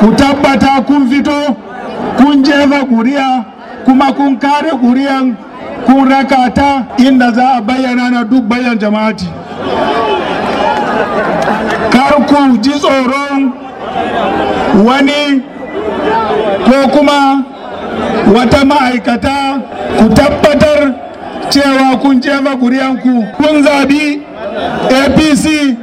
ku tabbata kun fito kun jefa kuma kun kare kuriyan kun rakata inda za a bayyana na duk bayan jama'ati kar ku ji tsoron wani ko kuma wata ma'aikata ku tabbatar cewa kun jefa ku. kun zabi apc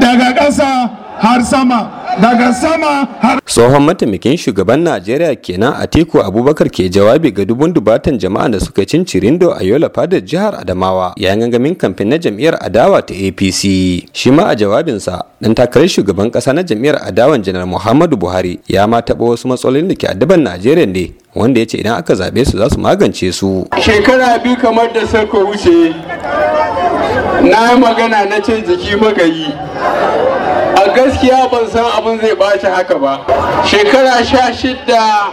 daga ƙasa har sama daga sama har tsohon mataimakin shugaban najeriya kenan atiku abubakar ke jawabi ga dubun dubatan jama'a da suka cin cirindo a yola fadar jihar adamawa yayin gangamin kamfen na jam'iyyar adawa ta apc shi ma a jawabinsa dan takarar shugaban ƙasa na jam'iyyar adawan janar muhammadu buhari ya ma taɓa wasu matsalolin da ke addaban najeriya ne wanda ya ce idan aka zaɓe su za su magance su shekara biyu kamar da sarko wuce na magana na ce jiki magayi a gaskiya ban san abin zai ɓaci haka ba shekara sha shida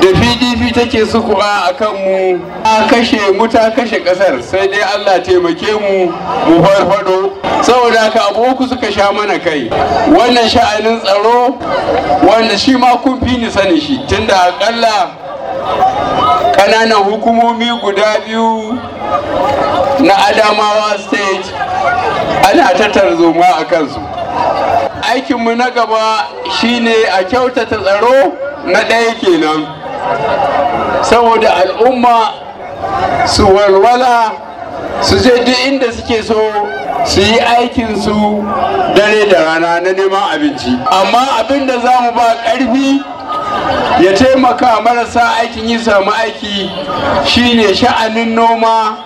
da pdp take sukuwa a kan mu a kashe muta kashe ƙasar sai dai allah taimake mu mu farfado saboda haka aboku suka sha mana kai wannan sha'anin tsaro wanda shi ma kun fi ni sani shi tunda akalla ƙananan hukumomi guda biyu na adamawa state ana ta tarzoma a kansu aikinmu na gaba shine a kyautata tsaro na ɗaya kenan saboda al'umma su walwala su je duk inda suke so su yi aikinsu dare da rana na neman abinci amma abin da za mu ba ƙarfi ya taimaka marasa aikin yi samu aiki shine sha'anin noma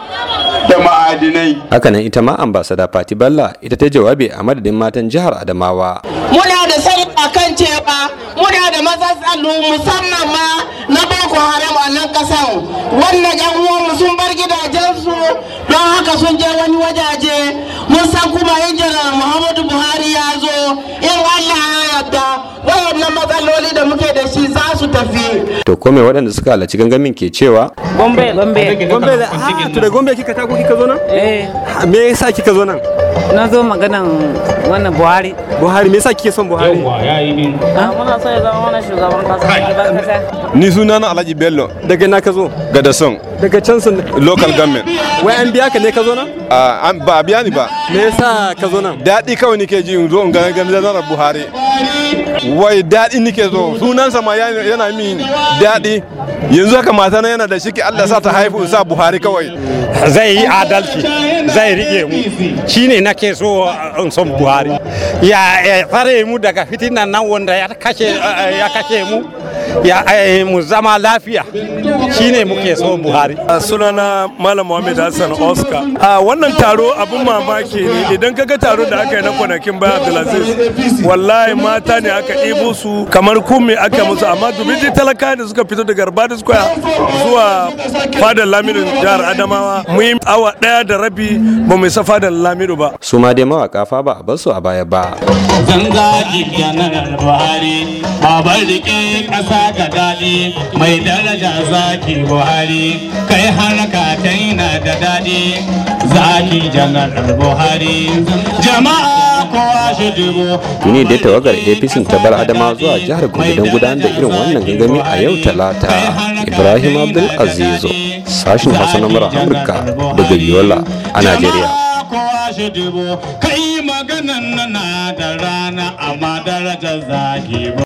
Haka hakanan ita ma ambasada fati balla ita ta jawabi a madadin matan jihar adamawa muna da sani akan cewa muna da matsatsalu musamman ma na boko haram a nan kasan wannan yan uwanmu sun bar gidajensu don haka sun je wani wajaje mun san kuma yin jiran muhammadu buhari ya zo in allah ya yarda wayannan matsaloli da muke da shi to ko me waɗanda suka halarci gangamin ke cewa gombe gombe gombe ah, to da gombe kika tako kika zo nan eh me yasa kika zo nan na zo maganan wannan buhari buhari me yasa kike son buhari yawa yayi ne ah, muna so ya zama wannan shugaban kasa ni sunana alhaji bello daga na ka zo gada son daga can sun local government wai an biya ka ne ka zo nan ah, ba biya ni ba me yasa ka zo nan daɗi kawai nike ji zo in ganin na buhari wai daɗi nike zo sunansa ma yana min daɗi yanzu haka mata na yana da shiki Allah sa ta haifu sa buhari kawai zai yi adalci zai rike mu shine nake so uh, in son buhari ya mu daga fitinan nan wanda ya kashe uh, mu ya eh, mu zama lafiya shine muke so buhari sunana malam muhammad hassan oscar a wannan taro abin mamaki ne idan ka ga taro da aka yi na kwanakin baya abdulaziz wallahi mata ne aka ibo su kamar kumi aka musu amma dubiji talaka da suka fito daga garbada square zuwa fadar lamiru jihar adamawa muyi awa daya da rabi ba mu isa fadar lamido ba su ma dai mawaka fa ba a su a baya ba zanga jikin buhari babar ke ƙasa ga daɗi mai daraja zaki buhari kai haraka ta na da daɗi zaki janar buhari jama'a kowa shi dubu tuni da tawagar apc ta bar adama zuwa jihar gombe don gudanar da irin wannan gangami a yau talata ibrahim abdul azizo sashin hausa na mura amurka daga yola a najeriya kowa kai maganan na da rana amma darajar zaki